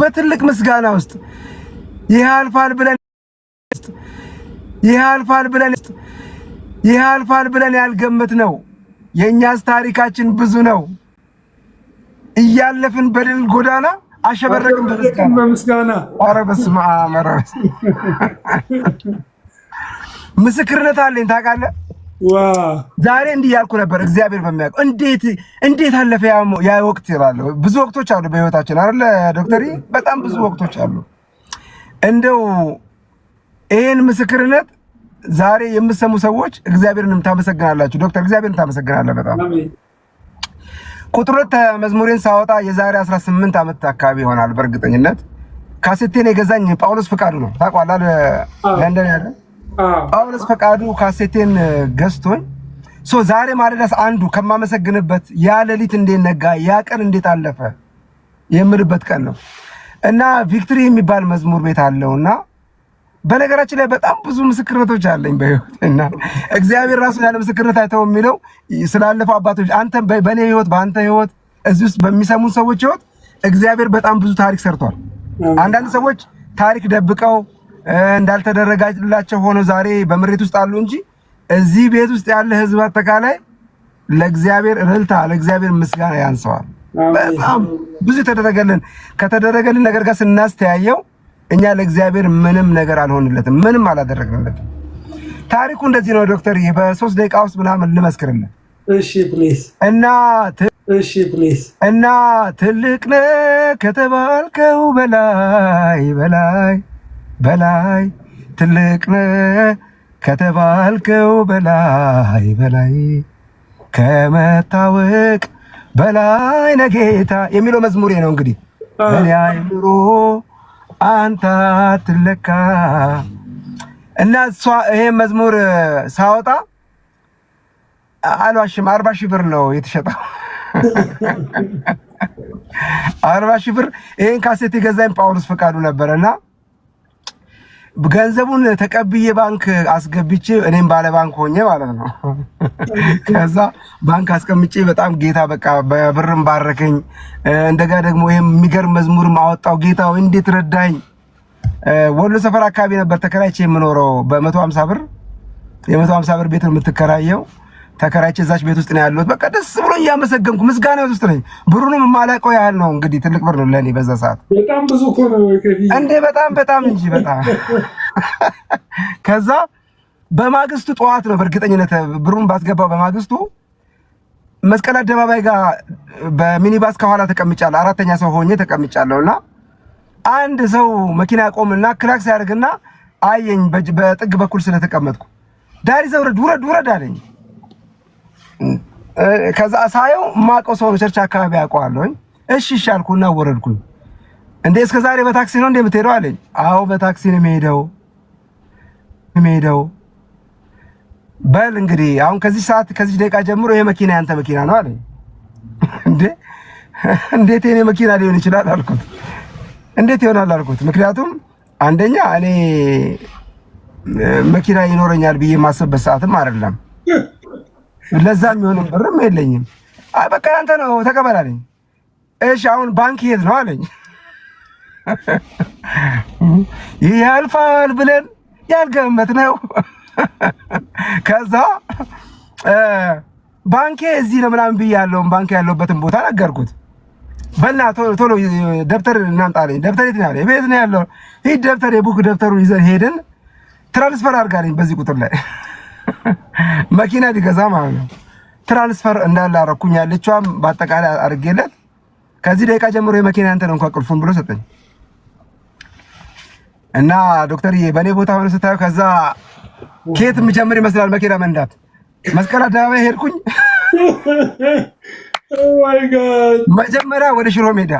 በትልቅ ምስጋና ውስጥ ይህ አልፋል ብለን ይህ አልፋል ብለን ይህ አልፋል ብለን ያልገመት ነው። የእኛስ ታሪካችን ብዙ ነው። እያለፍን በድል ጎዳና አሸበረቅን በምስጋና። ኧረ በስመ አብ ምስክርነት አለኝ ታውቃለህ። ዛሬ እንዲህ ያልኩ ነበር። እግዚአብሔር በሚያውቀው እንዴት እንዴት አለፈ ያ ወቅት ይላለሁ። ብዙ ወቅቶች አሉ በህይወታችን አይደለ ዶክተር፣ በጣም ብዙ ወቅቶች አሉ። እንደው ይህን ምስክርነት ዛሬ የምሰሙ ሰዎች እግዚአብሔርንም ታመሰግናላችሁ። ዶክተር እግዚአብሔርን ታመሰግናለህ በጣም ቁጥሩት መዝሙሬን ሳወጣ የዛሬ 18 ዓመት አካባቢ ይሆናል በእርግጠኝነት ካሴቴን የገዛኝ ጳውሎስ ፍቃዱ ነው። ታውቀዋለህ ለንደን ያለ ጳውሎስ ፈቃዱ ካሴቴን ገዝቶኝ ሶ ዛሬ ማለዳስ አንዱ ከማመሰግንበት ያ ሌሊት እንዴት ነጋ፣ ያ ቀን እንዴት አለፈ የምልበት ቀን ነው እና ቪክትሪ የሚባል መዝሙር ቤት አለው እና በነገራችን ላይ በጣም ብዙ ምስክርነቶች አለኝ በህይወት እና እግዚአብሔር ራሱ ያለ ምስክርነት አይተው የሚለው ስላለፈው አባቶች አንተ በእኔ ህይወት በአንተ ህይወት እዚህ ውስጥ በሚሰሙን ሰዎች ህይወት እግዚአብሔር በጣም ብዙ ታሪክ ሰርቷል። አንዳንድ ሰዎች ታሪክ ደብቀው እንዳልተደረጋላቸው ሆኖ ዛሬ በምሬት ውስጥ አሉ እንጂ እዚህ ቤት ውስጥ ያለ ህዝብ አጠቃላይ ለእግዚአብሔር እልልታ፣ ለእግዚአብሔር ምስጋና ያንሰዋል። በጣም ብዙ የተደረገልን ከተደረገልን ነገር ጋር ስናስተያየው እኛ ለእግዚአብሔር ምንም ነገር አልሆንለትም፣ ምንም አላደረግንለትም። ታሪኩ እንደዚህ ነው ዶክተር፣ በሶስት ደቂቃ ውስጥ ምናምን ልመስክርልን እና እና ትልቅ ነህ ከተባልከው በላይ በላይ በላይ ትልቅ ነህ ከተባልከው በላይ በላይ ከመታወቅ በላይ ነጌታ የሚለው መዝሙሬ ነው። እንግዲህ በኔ አይምሮ አንተ አትለካ እና እሷ ይሄን መዝሙር ሳወጣ አልዋሽም፣ አርባ ሺህ ብር ነው የተሸጠው። አርባ ሺህ ብር ይሄን ካሴት የገዛኝ ጳውሎስ ፈቃዱ ነበረ እና ገንዘቡን ተቀብዬ ባንክ አስገብቼ እኔም ባለ ባንክ ሆኜ ማለት ነው። ከዛ ባንክ አስቀምጬ በጣም ጌታ በቃ በብርም ባረከኝ። እንደጋ ደግሞ ይሄም የሚገርም መዝሙር ማወጣው ጌታው እንዴት ረዳኝ። ወሎ ሰፈር አካባቢ ነበር ተከራይቼ የምኖረው በመቶ ሀምሳ ብር የመቶ ሀምሳ ብር ቤት ነው የምትከራየው ተከራይቼ እዛች ቤት ውስጥ ነው ያለሁት። በቃ ደስ ብሎ እያመሰገንኩ ምስጋና ውስጥ ነኝ። ብሩንም የማላውቀው ያህል ነው እንግዲህ ትልቅ ብር ነው ለእኔ በዛ ሰዓት በጣም ብዙ እንዴ፣ በጣም በጣም እንጂ በጣም ከዛ በማግስቱ ጠዋት ነው በእርግጠኝነት ብሩን ባስገባው በማግስቱ መስቀል አደባባይ ጋር በሚኒባስ ከኋላ ተቀምጫለሁ። አራተኛ ሰው ሆኜ ተቀምጫለሁ እና አንድ ሰው መኪና ያቆምና ክላክስ ያደርግና አየኝ በጥግ በኩል ስለተቀመጥኩ ዳሪ ዘውረድ ውረድ ውረድ አለኝ። ከዛ ሳየው ማውቀው ሰው ቸርች አካባቢ አውቀዋለሁኝ። እሺ ሻልኩና ወረድኩኝ። እንዴ እስከ ዛሬ በታክሲ ነው እንዴ የምትሄደው አለኝ። አዎ በታክሲ ነው የምሄደው የምሄደው። በል እንግዲህ አሁን ከዚህ ሰዓት ከዚህ ደቂቃ ጀምሮ ይሄ መኪና ያንተ መኪና ነው አለኝ። እንዴ እንዴት የኔ መኪና ሊሆን ይችላል አልኩት። እንዴት ይሆናል አልኩት። ምክንያቱም አንደኛ እኔ መኪና ይኖረኛል ብዬ የማስብበት ሰዓትም አይደለም። ለዛ የሚሆንም ብርም የለኝም። አይ በቃ አንተ ነው ተቀበላለኝ። እሺ አሁን ባንክ የት ነው አለኝ። ይህ ያልፋል ብለን ያልገመት ነው። ከዛ ባንኬ እዚህ ነው ምናምን ብዬ ያለውን ባንክ ያለውበትን ቦታ ነገርኩት። በላ ቶሎ ደብተር እናምጣለኝ። ደብተር የት ነው ያለ? ቤት ነው ያለው። ይህ ደብተር የቡክ ደብተሩን ይዘን ሄድን። ትራንስፈር አድርጋለኝ በዚህ ቁጥር ላይ መኪና ሊገዛ ማለት ነው። ትራንስፈር እንዳለ አረኩኝ። ያለችዋም በአጠቃላይ አድርጌለት ከዚህ ደቂቃ ጀምሮ የመኪና ያንተ ነው እንኳን ቅልፉን ብሎ ሰጠኝ እና ዶክተርዬ በእኔ ቦታ ሆነ ስታየው ከዛ ከየት የምጀምር ይመስላል መኪና መንዳት። መስቀል አደባባይ ሄድኩኝ። oh መጀመሪያ ወደ ሽሮ ሜዳ፣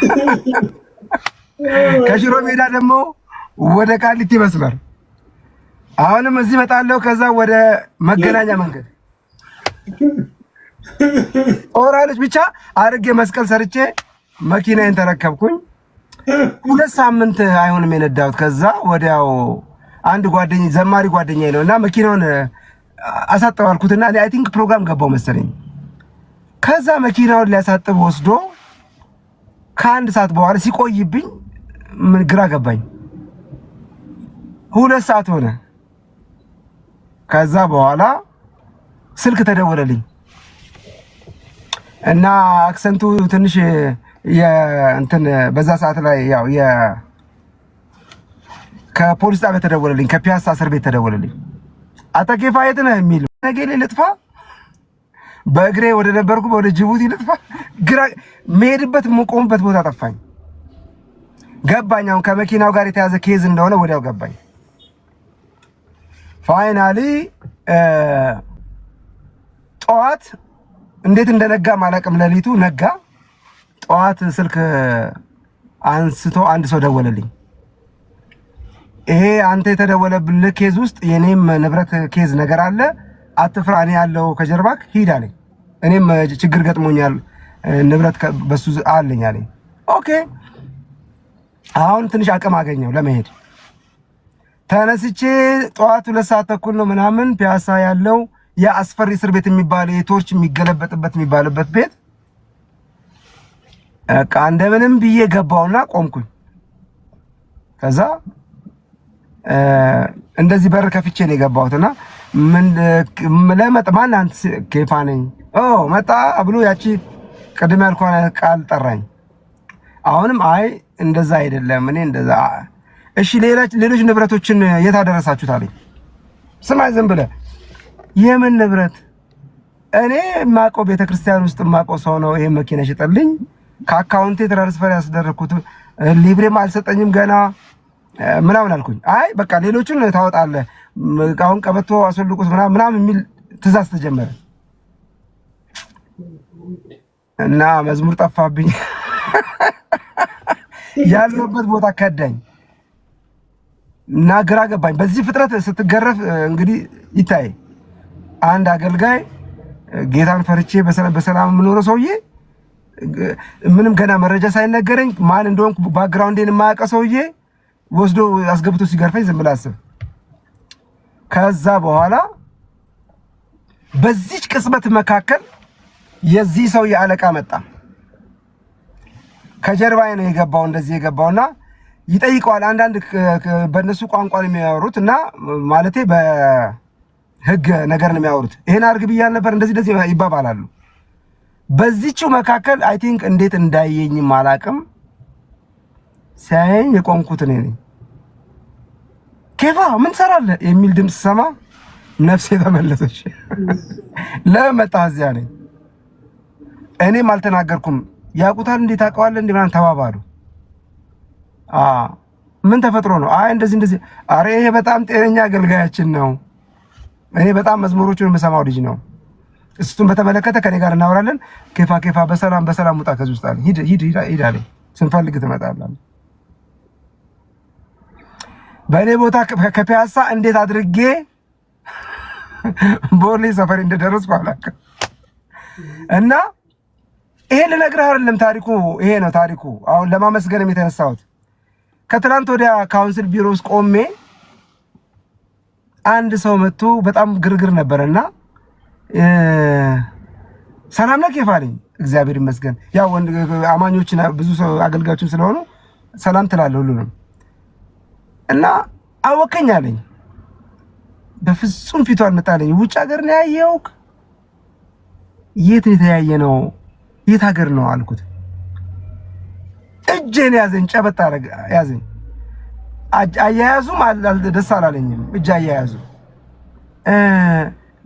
ከሽሮ ሜዳ ደግሞ ወደ ቃሊቲ መስመር አሁንም እዚህ እመጣለሁ። ከዛ ወደ መገናኛ መንገድ ኦራሎች ብቻ አድርጌ መስቀል ሰርቼ መኪናዬን ተረከብኩኝ። ሁለት ሳምንት አይሆንም የነዳሁት። ከዛ ወዲያው አንድ ጓደኛ ዘማሪ ጓደኛ ነው እና መኪናውን አሳጥባልኩትና አይ ቲንክ ፕሮግራም ገባው መሰለኝ። ከዛ መኪናውን ሊያሳጥብ ወስዶ ከአንድ ሰዓት በኋላ ሲቆይብኝ ምን ግራ ገባኝ። ሁለት ሰዓት ሆነ። ከዛ በኋላ ስልክ ተደወለልኝ እና አክሰንቱ ትንሽ እንትን በዛ ሰዓት ላይ ያው ከፖሊስ ጣቢያ ተደወለልኝ፣ ከፒያሳ እስር ቤት ተደወለልኝ። አተኬፋ የት ነህ የሚል ነገሌ ልጥፋ፣ በእግሬ ወደ ነበርኩ ወደ ጅቡቲ ልጥፋ፣ ግራ መሄድበት የምቆምበት ቦታ ጠፋኝ። ገባኝ አሁን ከመኪናው ጋር የተያዘ ኬዝ እንደሆነ ወዲያው ገባኝ። ፋይናሊ ጠዋት እንዴት እንደነጋ ማለቅም ሌሊቱ ነጋ። ጠዋት ስልክ አንስቶ አንድ ሰው ደወለልኝ። ይሄ አንተ የተደወለብልህ ኬዝ ውስጥ የኔም ንብረት ኬዝ ነገር አለ፣ አትፍራ፣ እኔ ያለው ከጀርባክ ሂድ አለኝ። እኔም ችግር ገጥሞኛል፣ ንብረት በሱ አለኝ አለኝ። ኦኬ አሁን ትንሽ አቅም አገኘው ለመሄድ ተነስቼ ጠዋት ሁለት ሰዓት ተኩል ነው ምናምን ፒያሳ ያለው የአስፈሪ እስር ቤት የሚባለ የቶርች የሚገለበጥበት የሚባልበት ቤት በቃ እንደምንም ብዬ ገባውና ቆምኩኝ። ከዛ እንደዚህ በር ከፍቼ ነው የገባሁትና ምን ለመጣ ማን አንተ ኬፋ ነኝ ኦ መጣ ብሎ ያቺ ቅድም ያልኳት ቃል ጠራኝ። አሁንም አይ እንደዛ አይደለም እኔ እንደዛ እሺ ሌሎች ንብረቶችን የት አደረሳችሁት አለኝ። ስማኝ ዝም ብለህ የምን ንብረት እኔ የማውቀው ቤተክርስቲያን ውስጥ ማቆ ሰው ነው። ይሄን መኪና ሽጠልኝ ከአካውንቴ ትራንስፈር ያስደረግኩት ሊብሬም አልሰጠኝም ገና ምናምን አልኩኝ። አይ በቃ ሌሎቹን ታወጣለህ አሁን ቀበቶ አስወልቁት ምናምን ምናምን የሚል ትእዛዝ ተጀመረ እና መዝሙር ጠፋብኝ ያለበት ቦታ ከዳኝ። እና ግራ ገባኝ። በዚህ ፍጥረት ስትገረፍ እንግዲህ ይታይ አንድ አገልጋይ ጌታን ፈርቼ በሰላም የምኖረው ሰውዬ ምንም ገና መረጃ ሳይነገረኝ ማን እንደሆንኩ ባክግራውንዴን የማያውቀ ሰውዬ ወስዶ አስገብቶ ሲገርፈኝ ዝም ብለህ አስብ። ከዛ በኋላ በዚች ቅጽበት መካከል የዚህ ሰውዬ አለቃ መጣ። ከጀርባዬ ነው የገባው እንደዚህ የገባውና ይጠይቀዋል። አንዳንድ በእነሱ ቋንቋ ነው የሚያወሩት እና ማለቴ በህግ ነገር ነው የሚያወሩት። ይሄን አድርግ ብያል ነበር እንደዚህ እንደዚህ ይባባላሉ። በዚችው መካከል አይ ቲንክ እንዴት እንዳየኝም አላቅም ሲያየኝ የቆምኩት እኔ ነኝ። ኬፋ ምን ትሰራለህ የሚል ድምፅ ሰማ። ነፍሴ ተመለሰች። ለምን መጣህ እዚያ ነኝ። እኔም አልተናገርኩም። ያውቁታል እንዴት ታውቀዋለህ እንዴ ተባባሉ። ምን ተፈጥሮ ነው? አይ እንደዚህ እንደዚህ። አረ ይሄ በጣም ጤነኛ አገልጋያችን ነው። እኔ በጣም መዝሙሮቹን የምሰማው ልጅ ነው። እሱን በተመለከተ ከኔ ጋር እናወራለን። ኬፋ ኬፋ፣ በሰላም በሰላም ውጣ ከዚህ ውስጥ አለ። ሂድ ሂድ ሂድ አለ። ስንፈልግ ትመጣለህ። በእኔ ቦታ ከፒያሳ እንዴት አድርጌ ቦሌ ሰፈር እንደደረስኩ አላውቅም። እና ይሄ ልነግርህ አይደለም ታሪኩ ይሄ ነው ታሪኩ። አሁን ለማመስገንም የተነሳሁት ከትናንት ወዲያ ካውንስል ቢሮ ውስጥ ቆሜ አንድ ሰው መጥቶ በጣም ግርግር ነበረና ሰላም ነክ የፋለኝ እግዚአብሔር ይመስገን። ያው አማኞች ብዙ ሰው አገልጋዮችም ስለሆኑ ሰላም ትላለህ ሁሉንም እና አወከኝ አለኝ። በፍጹም ፊቷን መጣለኝ። ውጭ ሀገር ነው ያየው። የት የተያየ ነው? የት ሀገር ነው አልኩት። እጄን ያዘኝ፣ ጨበጥ አደረገ ያዘኝ። አያያዙም ደስ አላለኝም። እጅ አያያዙ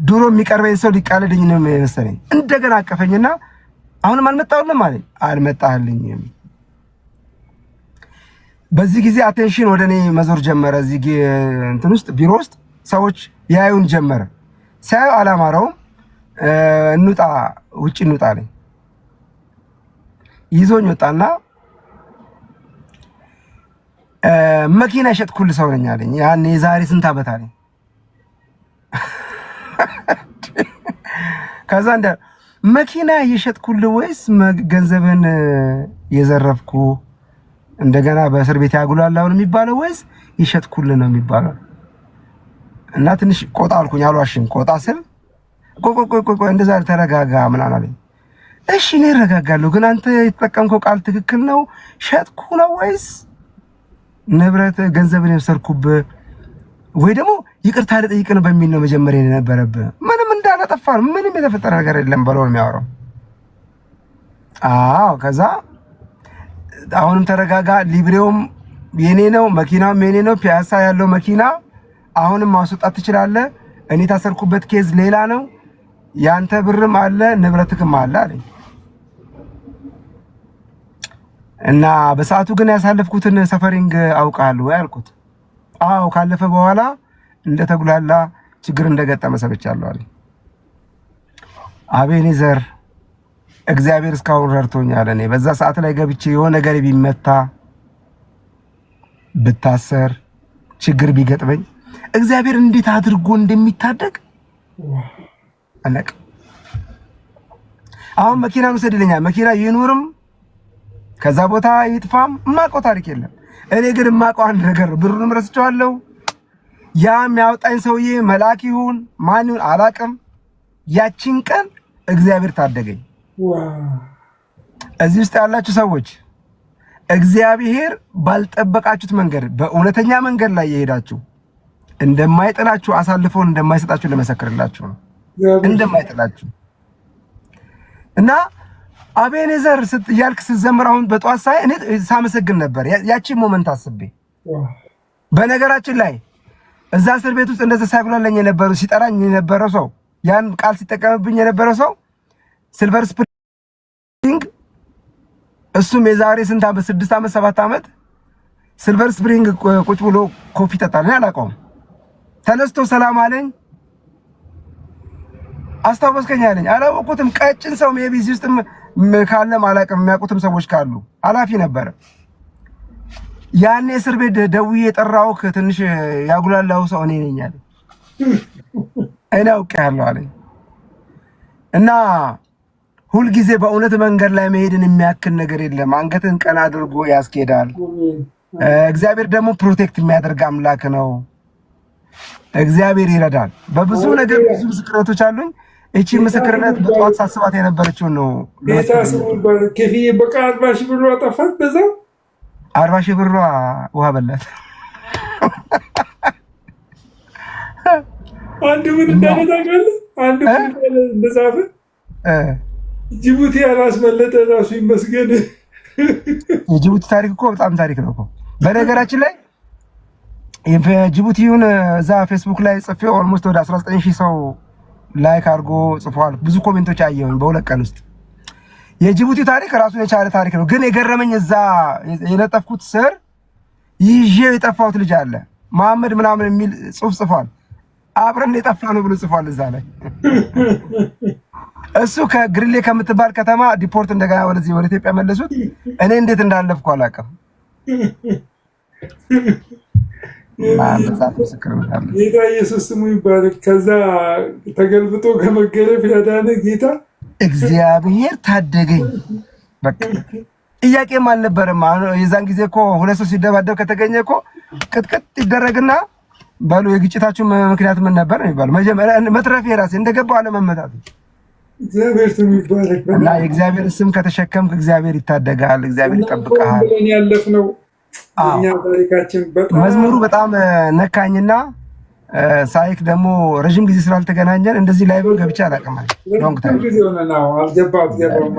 ድሮ የሚቀርበኝ ሰው ሊቃለደኝ ነው የመሰለኝ። እንደገና አቀፈኝና አሁንም አልመጣሁልም አለኝ። አልመጣልኝም። በዚህ ጊዜ አቴንሽን ወደ እኔ መዞር ጀመረ። እዚህ እንትን ውስጥ ቢሮ ውስጥ ሰዎች ያዩን ጀመረ። ሲያዩ አላማረውም። እንውጣ፣ ውጭ እንውጣ አለኝ። ይዞኝ ወጣና መኪና የሸጥኩል ሰው ነኝ አለኝ። ያን የዛሬ ስንት ዓመት አለኝ። ከዛ እንደ መኪና የሸጥኩል ወይስ ገንዘብን የዘረፍኩ እንደገና በእስር ቤት ያጉላላውን የሚባለው ወይስ ይሸጥኩል ነው የሚባለው? እና ትንሽ ቆጣ አልኩኝ። አሏሽን ቆጣ ስል ቆይ ቆይ ቆይ ቆይ እንደዛ ተረጋጋ ምናምን አለኝ። እሺ እኔ እረጋጋለሁ፣ ግን አንተ የተጠቀምከው ቃል ትክክል ነው ሸጥኩ ነው ወይስ ንብረት ገንዘብን የሰርኩብህ ወይ ደግሞ ይቅርታ ልጠይቅን በሚል ነው መጀመሪያ የነበረብህ። ምንም እንዳላጠፋ ምንም የተፈጠረ ነገር የለም ብሎ ነው የሚያወራው። አዎ ከዛ አሁንም ተረጋጋ። ሊብሬውም የኔ ነው፣ መኪናውም የኔ ነው። ፒያሳ ያለው መኪና አሁንም ማስወጣት ትችላለህ። እኔ ታሰርኩበት ኬዝ ሌላ ነው። ያንተ ብርም አለ ንብረትክም አለ አለኝ። እና በሰዓቱ ግን ያሳለፍኩትን ሰፈሪንግ አውቃለሁ ያልኩት፣ አዎ ካለፈ በኋላ እንደ ተጉላላ ችግር እንደገጠመ ሰብቻለሁ አለኝ። አቤኔዘር እግዚአብሔር እስካሁን ረድቶኛል። እኔ በዛ ሰዓት ላይ ገብቼ የሆነ ነገር ቢመታ ብታሰር፣ ችግር ቢገጥመኝ እግዚአብሔር እንዴት አድርጎ እንደሚታደግ አለቅ። አሁን መኪና መውሰድ ይለኛል። መኪና ይኑርም ከዛ ቦታ ይጥፋም ማቆ ታሪክ የለም። እኔ ግን ማቆ አንድ ነገር ብሩንም ረስቼዋለሁ። ያ የሚያወጣኝ ሰውዬ መልአክ ይሁን ማን ይሁን አላቅም ያቺን ቀን እግዚአብሔር ታደገኝ። እዚህ ውስጥ ያላችሁ ሰዎች እግዚአብሔር ባልጠበቃችሁት መንገድ በእውነተኛ መንገድ ላይ የሄዳችሁ እንደማይጥላችሁ አሳልፈውን እንደማይሰጣችሁ ለመሰክርላችሁ ነው እንደማይጥላችሁ እና አቤኔዘር እያልክ ስትዘምር አሁን በጠዋት ሳይ እኔ ሳመሰግን ነበር። ያቺ ሞመንት አስቤ በነገራችን ላይ እዛ እስር ቤት ውስጥ እንደዛ ሳይጉላለኝ የነበረ ሲጠራኝ የነበረው ሰው ያን ቃል ሲጠቀምብኝ የነበረ ሰው ሲልቨር ስፕሪንግ እሱም የዛሬ ስንት ዓመት ስድስት ዓመት ሰባት ዓመት ሲልቨር ስፕሪንግ ቁጭ ብሎ ኮፊ ጠጣል። እኔ አላውቀውም። ተነስቶ ሰላም አለኝ። አስታወስከኝ አለኝ። አላወቅኩትም። ቀጭን ሰው ሜይ ቢ እዚህ ውስጥ ካለም አላቅም የሚያውቁትም ሰዎች ካሉ አላፊ ነበረ። ያኔ እስር ቤት ደውዬ የጠራውክ ትንሽ ያጉላላው ሰው እኔ ነኝ አለኝ። እኔ አውቄሃለሁ አለኝ እና ሁልጊዜ በእውነት መንገድ ላይ መሄድን የሚያክል ነገር የለም። አንገትን ቀና አድርጎ ያስኬዳል። እግዚአብሔር ደግሞ ፕሮቴክት የሚያደርግ አምላክ ነው። እግዚአብሔር ይረዳል። በብዙ ነገር ብዙ ምስክርነቶች አሉኝ። እቺ ምስክርነት በጠዋት ሳስባት የነበረችውን ነው። ከፍዬ በቃ አርባ ሺህ ብሯ ጠፋት። በዛ አርባ ሺህ ብሯ ውሃ በላት። አንድ ምን እንዳነታቀል አንድ እንደጻፈ ጅቡቲ ያላስመለጠ ራሱ ይመስገን። የጅቡቲ ታሪክ እኮ በጣም ታሪክ ነው እኮ በነገራችን ላይ የጅቡቲውን እዛ ፌስቡክ ላይ ጽፌ ኦልሞስት ወደ 19 ሺህ ሰው ላይክ አድርጎ ጽፏል። ብዙ ኮሜንቶች አየሁኝ በሁለት ቀን ውስጥ። የጅቡቲ ታሪክ ራሱን የቻለ ታሪክ ነው። ግን የገረመኝ እዛ የለጠፍኩት ስር ይዤ የጠፋሁት ልጅ አለ መሐመድ ምናምን የሚል ጽሁፍ ጽፏል። አብረን የጠፋ ነው ብሎ ጽፏል እዛ ላይ። እሱ ከግሪሌ ከምትባል ከተማ ዲፖርት እንደገና ወደዚህ ወደ ኢትዮጵያ መለሱት። እኔ እንዴት እንዳለፍኩ አላውቅም። ማንሳት ምስክርነት አለ። ጌታ ኢየሱስ ስሙ ይባላል። ከዛ ተገልብጦ ከመገረፍ ያዳነ ጌታ እግዚአብሔር ታደገኝ። በቃ ጥያቄም አልነበረም። የዛን ጊዜ እኮ ሁለት ሰው ሲደባደብ ከተገኘ እኮ ቅጥቅጥ ይደረግና በሉ የግጭታችሁ ምክንያት ምን ነበር ነው የሚባለው። መጀመሪያ መትረፍ የራሴ እንደገባው አለመመታት እግዚአብሔር ስም ይባላል። እና የእግዚአብሔር ስም ከተሸከምክ እግዚአብሔር ይታደግሃል፣ እግዚአብሔር ይጠብቅሃል። ያለፍነው መዝሙሩ በጣም ነካኝና ሳይክ ደግሞ ረዥም ጊዜ ስላልተገናኘን እንደዚህ ላይ ገብቼ አላውቅም።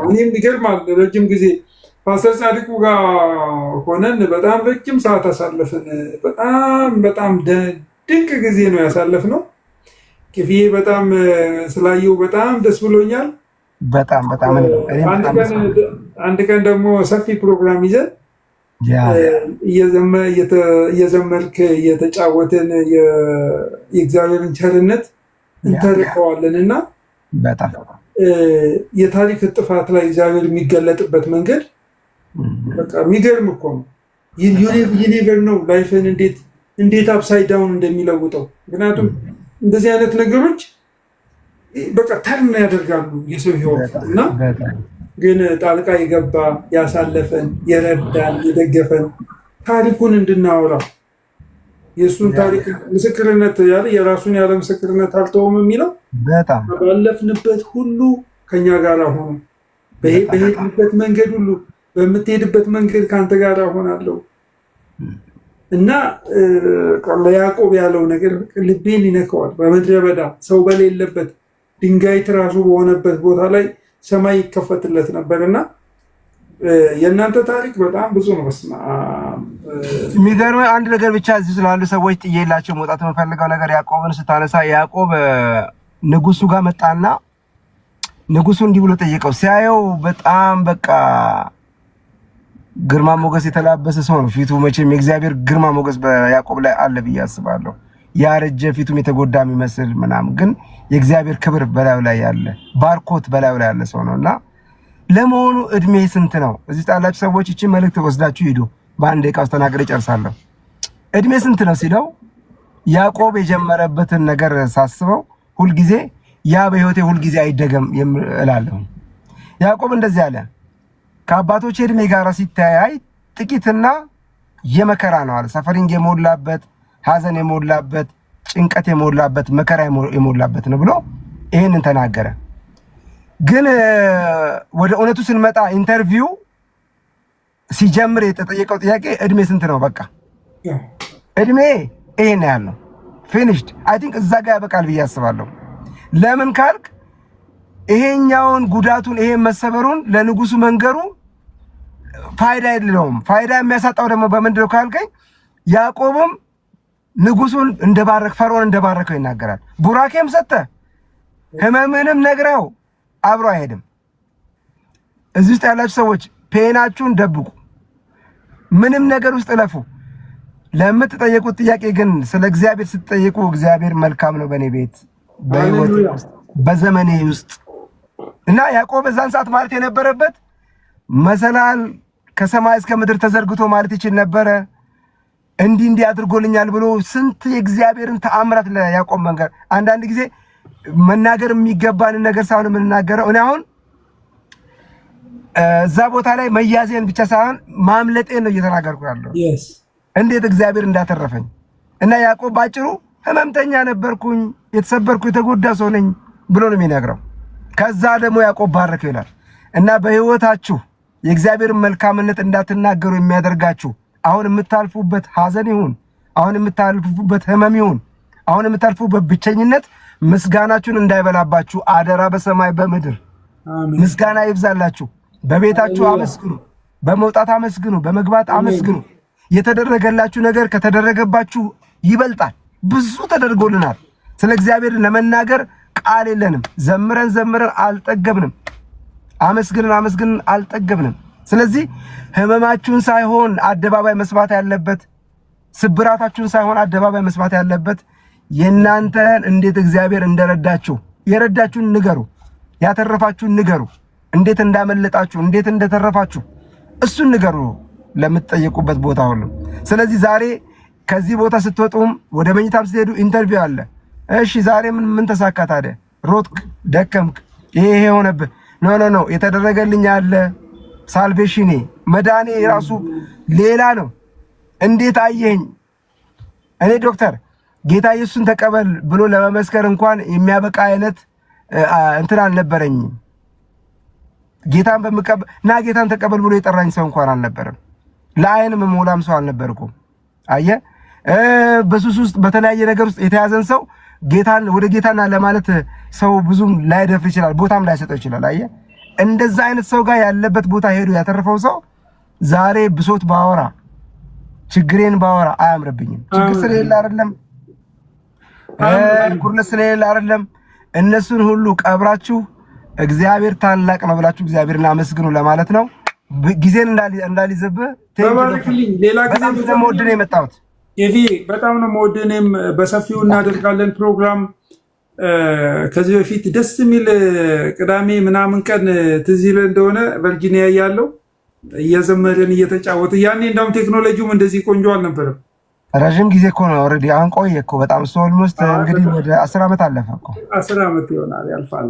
እኔም ይገርማል። ረጅም ጊዜ ፓስተር ጻድቁ ጋር ሆነን በጣም ረጅም ሰዓት አሳለፍን። በጣም በጣም ድንቅ ጊዜ ነው ያሳለፍነው። ክፍዬ በጣም ስላየው በጣም ደስ ብሎኛል። በጣም በጣም አንድ ቀን ደግሞ ሰፊ ፕሮግራም ይዘን እየዘመርክ እየተጫወትን የእግዚአብሔርን ቸርነት እንተርከዋለን እና የታሪክ ጥፋት ላይ እግዚአብሔር የሚገለጥበት መንገድ በቃ የሚገርም እኮ ነው። ዩኒቨር ነው ላይፍን እንዴት እንዴት አፕሳይድ ዳውን እንደሚለውጠው ምክንያቱም እንደዚህ አይነት ነገሮች በቃ ተርን ያደርጋሉ የሰው ህይወት እና ግን ጣልቃ የገባ ያሳለፈን፣ የረዳን፣ የደገፈን ታሪኩን እንድናወራ የእሱን ታሪክ ምስክርነት ያለ የራሱን ያለ ምስክርነት አልተውም የሚለው ባለፍንበት ሁሉ ከኛ ጋር ሆኖ በሄድንበት መንገድ ሁሉ በምትሄድበት መንገድ ከአንተ ጋር ሆናለሁ እና ለያዕቆብ ያለው ነገር ልቤን ይነካዋል። በምድረ በዳ ሰው በሌለበት ድንጋይ ትራሱ በሆነበት ቦታ ላይ ሰማይ ይከፈትለት ነበር እና የእናንተ ታሪክ በጣም ብዙ ነው። የሚገርም አንድ ነገር ብቻ እዚህ ስላሉ ሰዎች ጥዬላቸው መውጣት የምፈልገው ነገር ያዕቆብን ስታነሳ ያዕቆብ ንጉሱ ጋር መጣና ንጉሱ እንዲህ ብሎ ጠየቀው። ሲያየው በጣም በቃ ግርማ ሞገስ የተላበሰ ሰው ነው ፊቱ። መቼም የእግዚአብሔር ግርማ ሞገስ በያዕቆብ ላይ አለ ብዬ አስባለሁ። ያረጀ ፊቱም የተጎዳ የሚመስል ምናምን፣ ግን የእግዚአብሔር ክብር በላዩ ላይ ያለ ባርኮት በላዩ ላይ ያለ ሰው ነው እና ለመሆኑ እድሜ ስንት ነው? እዚህ ጣላችሁ ሰዎች እቺ መልእክት ወስዳችሁ ሂዱ። በአንድ ደቂቃ ውስጥ ተናግሬ እድሜ ስንት ነው ሲለው ያዕቆብ የጀመረበትን ነገር ሳስበው ሁልጊዜ ያ በህይወቴ ሁልጊዜ አይደገም እላለሁ። ያዕቆብ እንደዚህ አለ፣ ከአባቶች እድሜ ጋር ሲተያይ ጥቂትና የመከራ ነው አለ ሰፈሪንግ የሞላበት ሐዘን የሞላበት ጭንቀት የሞላበት መከራ የሞላበት ነው ብሎ ይህንን ተናገረ። ግን ወደ እውነቱ ስንመጣ ኢንተርቪው ሲጀምር የተጠየቀው ጥያቄ እድሜ ስንት ነው? በቃ እድሜ ይሄን ያህል ነው። ፊኒሽድ አይ ቲንክ እዛ ጋር ያበቃል ብዬ አስባለሁ። ለምን ካልክ ይሄኛውን ጉዳቱን ይሄን መሰበሩን ለንጉሱ መንገሩ ፋይዳ የለውም። ፋይዳ የሚያሳጣው ደግሞ በምንድነው ካልከኝ ያዕቆብም ንጉሱን እንደባረክ ፈርዖን እንደባረከው ይናገራል። ቡራኬም ሰጠ፣ ህመምንም ነግረው አብሮ አይሄድም። እዚህ ውስጥ ያላችሁ ሰዎች ፔናችሁን ደብቁ፣ ምንም ነገር ውስጥ እለፉ። ለምትጠየቁት ጥያቄ ግን ስለ እግዚአብሔር ስትጠየቁ እግዚአብሔር መልካም ነው በእኔ ቤት በህይወት ውስጥ በዘመኔ ውስጥ እና ያዕቆብ እዛን ሰዓት ማለት የነበረበት መሰላል ከሰማይ እስከ ምድር ተዘርግቶ ማለት ይችል ነበረ። እንዲህ እንዲህ አድርጎልኛል ብሎ ስንት የእግዚአብሔርን ተአምራት ለያዕቆብ መንገር። አንዳንድ ጊዜ መናገር የሚገባንን ነገር ሳይሆን የምንናገረው እኔ አሁን እዛ ቦታ ላይ መያዜን ብቻ ሳይሆን ማምለጤን ነው እየተናገርኩ ያለው እንዴት እግዚአብሔር እንዳተረፈኝ እና ያዕቆብ ባጭሩ ህመምተኛ ነበርኩኝ፣ የተሰበርኩ የተጎዳ ሰው ነኝ ብሎ ነው የሚነግረው። ከዛ ደግሞ ያዕቆብ ባረከው ይላል እና በህይወታችሁ የእግዚአብሔርን መልካምነት እንዳትናገሩ የሚያደርጋችሁ አሁን የምታልፉበት ሐዘን ይሁን፣ አሁን የምታልፉበት ህመም ይሁን፣ አሁን የምታልፉበት ብቸኝነት ምስጋናችሁን እንዳይበላባችሁ አደራ። በሰማይ በምድር ምስጋና ይብዛላችሁ። በቤታችሁ አመስግኑ፣ በመውጣት አመስግኑ፣ በመግባት አመስግኑ። የተደረገላችሁ ነገር ከተደረገባችሁ ይበልጣል። ብዙ ተደርጎልናል። ስለ እግዚአብሔር ለመናገር ቃል የለንም። ዘምረን ዘምረን አልጠገብንም። አመስግንን አመስግንን አልጠገብንም። ስለዚህ ህመማችሁን ሳይሆን አደባባይ መስማት ያለበት፣ ስብራታችሁን ሳይሆን አደባባይ መስማት ያለበት የእናንተን እንዴት እግዚአብሔር እንደረዳችሁ የረዳችሁን ንገሩ፣ ያተረፋችሁን ንገሩ፣ እንዴት እንዳመለጣችሁ፣ እንዴት እንደተረፋችሁ እሱን ንገሩ ለምትጠየቁበት ቦታ ሁሉ። ስለዚህ ዛሬ ከዚህ ቦታ ስትወጡም ወደ መኝታም ስትሄዱ ኢንተርቪው አለ። እሺ ዛሬ ምን ምን ተሳካ ታዲያ? ሮጥክ፣ ደከምክ፣ ይሄ ይሄ ሆነብህ። ኖ ኖ ኖ የተደረገልኝ አለ ሳልቬሽኔ መዳኔ የራሱ ሌላ ነው። እንዴት አየኝ? እኔ ዶክተር ጌታ ኢየሱስን ተቀበል ብሎ ለመመስከር እንኳን የሚያበቃ አይነት እንትን አልነበረኝም። ጌታን በምቀበል ና ጌታን ተቀበል ብሎ የጠራኝ ሰው እንኳን አልነበረም። ለአይን መሞላም ሰው አልነበርኩም። አየ በሱስ ውስጥ በተለያየ ነገር ውስጥ የተያዘን ሰው ጌታን ወደ ጌታና ለማለት ሰው ብዙም ላይደፍር ይችላል፣ ቦታም ላይሰጠው ይችላል። አየ እንደዛ አይነት ሰው ጋር ያለበት ቦታ ሄዱ ያተረፈው ሰው ዛሬ ብሶት ባወራ ችግሬን ባወራ አያምርብኝም። ችግር ስለሌለ አይደለም፣ ጉርለት ስለሌለ አይደለም። እነሱን ሁሉ ቀብራችሁ እግዚአብሔር ታላቅ ነው ብላችሁ እግዚአብሔርን አመስግኑ ለማለት ነው። ጊዜን እንዳሊዘብህ ተባረክልኝ። ሌላ ጊዜ ስለምወድህ ነው የመጣሁት። በጣም ነው የምወድህ። በሰፊው እናደርጋለን ፕሮግራም ከዚህ በፊት ደስ የሚል ቅዳሜ ምናምን ቀን ትዝ ይለን እንደሆነ ቨርጂኒያ እያለሁ እየዘመርን እየተጫወት ያኔ እንዳውም ቴክኖሎጂውም እንደዚህ ቆንጆ አልነበረም። ረዥም ጊዜ እኮ ነው ኦልሬዲ አሁን ቆየ እኮ በጣም ሶልሞስት እንግዲህ ወደ አስር ዓመት አለፈ እኮ አስር ዓመት ይሆናል ያልፋል።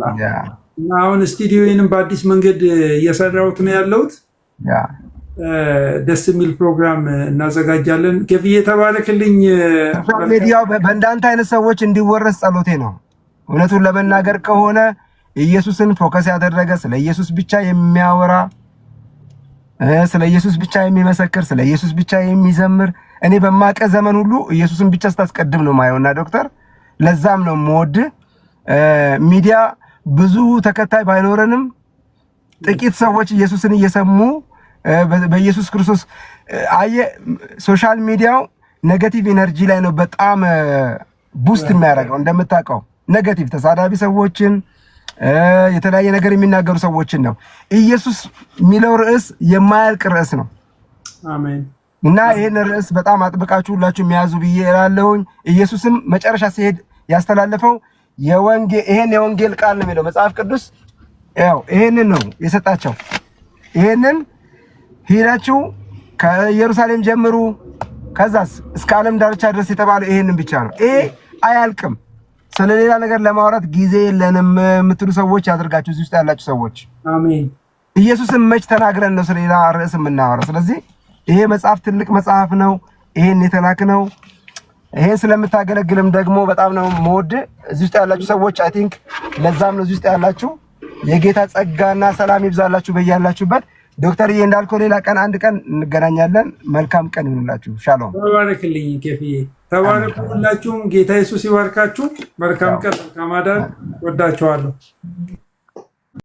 እና አሁን ስቱዲዮንም በአዲስ መንገድ እየሰራሁት ነው ያለሁት። ደስ የሚል ፕሮግራም እናዘጋጃለን። ገፍዬ ተባረክልኝ። ሚዲያው በእንዳንተ አይነት ሰዎች እንዲወረስ ጸሎቴ ነው። እውነቱን ለመናገር ከሆነ ኢየሱስን ፎከስ ያደረገ ስለ ኢየሱስ ብቻ የሚያወራ ስለ ኢየሱስ ብቻ የሚመሰክር ስለ ኢየሱስ ብቻ የሚዘምር እኔ በማቀ ዘመን ሁሉ ኢየሱስን ብቻ ስታስቀድም ነው ማየውና ዶክተር፣ ለዛም ነው የምወድ። ሚዲያ ብዙ ተከታይ ባይኖረንም ጥቂት ሰዎች ኢየሱስን እየሰሙ በኢየሱስ ክርስቶስ አየ። ሶሻል ሚዲያው ኔጋቲቭ ኢነርጂ ላይ ነው በጣም ቡስት የሚያደርገው እንደምታውቀው ነገቲቭ ተሳዳቢ ሰዎችን የተለያየ ነገር የሚናገሩ ሰዎችን ነው። ኢየሱስ የሚለው ርዕስ የማያልቅ ርዕስ ነው እና ይህን ርዕስ በጣም አጥብቃችሁ ሁላችሁ የሚያዙ ብዬ እላለሁኝ። ኢየሱስም መጨረሻ ሲሄድ ያስተላለፈው ይሄን የወንጌል ቃል ነው የሚለው መጽሐፍ ቅዱስ ያው ይሄንን ነው የሰጣቸው። ይሄንን ሄዳችሁ ከኢየሩሳሌም ጀምሩ ከዛስ እስከ ዓለም ዳርቻ ድረስ የተባለው ይሄንን ብቻ ነው። ይሄ አያልቅም። ስለሌላ ነገር ለማውራት ጊዜ የለንም የምትሉ ሰዎች ያደርጋችሁ እዚህ ውስጥ ያላችሁ ሰዎች አሜን። ኢየሱስን መች ተናግረን ነው ስለሌላ ርዕስ የምናወራ? ስለዚህ ይሄ መጽሐፍ ትልቅ መጽሐፍ ነው። ይሄን የተላክ ነው። ይሄን ስለምታገለግልም ደግሞ በጣም ነው መወድ። እዚህ ውስጥ ያላችሁ ሰዎች አይ ቲንክ ለዛም ነው እዚህ ውስጥ ያላችሁ። የጌታ ጸጋና ሰላም ይብዛላችሁ በያላችሁበት። ዶክተር ዶክተርዬ እንዳልከው ሌላ ቀን አንድ ቀን እንገናኛለን። መልካም ቀን ይሁንላችሁ። ሻሎም። ተባረክልኝ ኬፍዬ፣ ተባረኩ ሁላችሁም። ጌታ የሱስ ይባርካችሁ። መልካም ቀን፣ መልካም አዳር። ወዳችኋለሁ።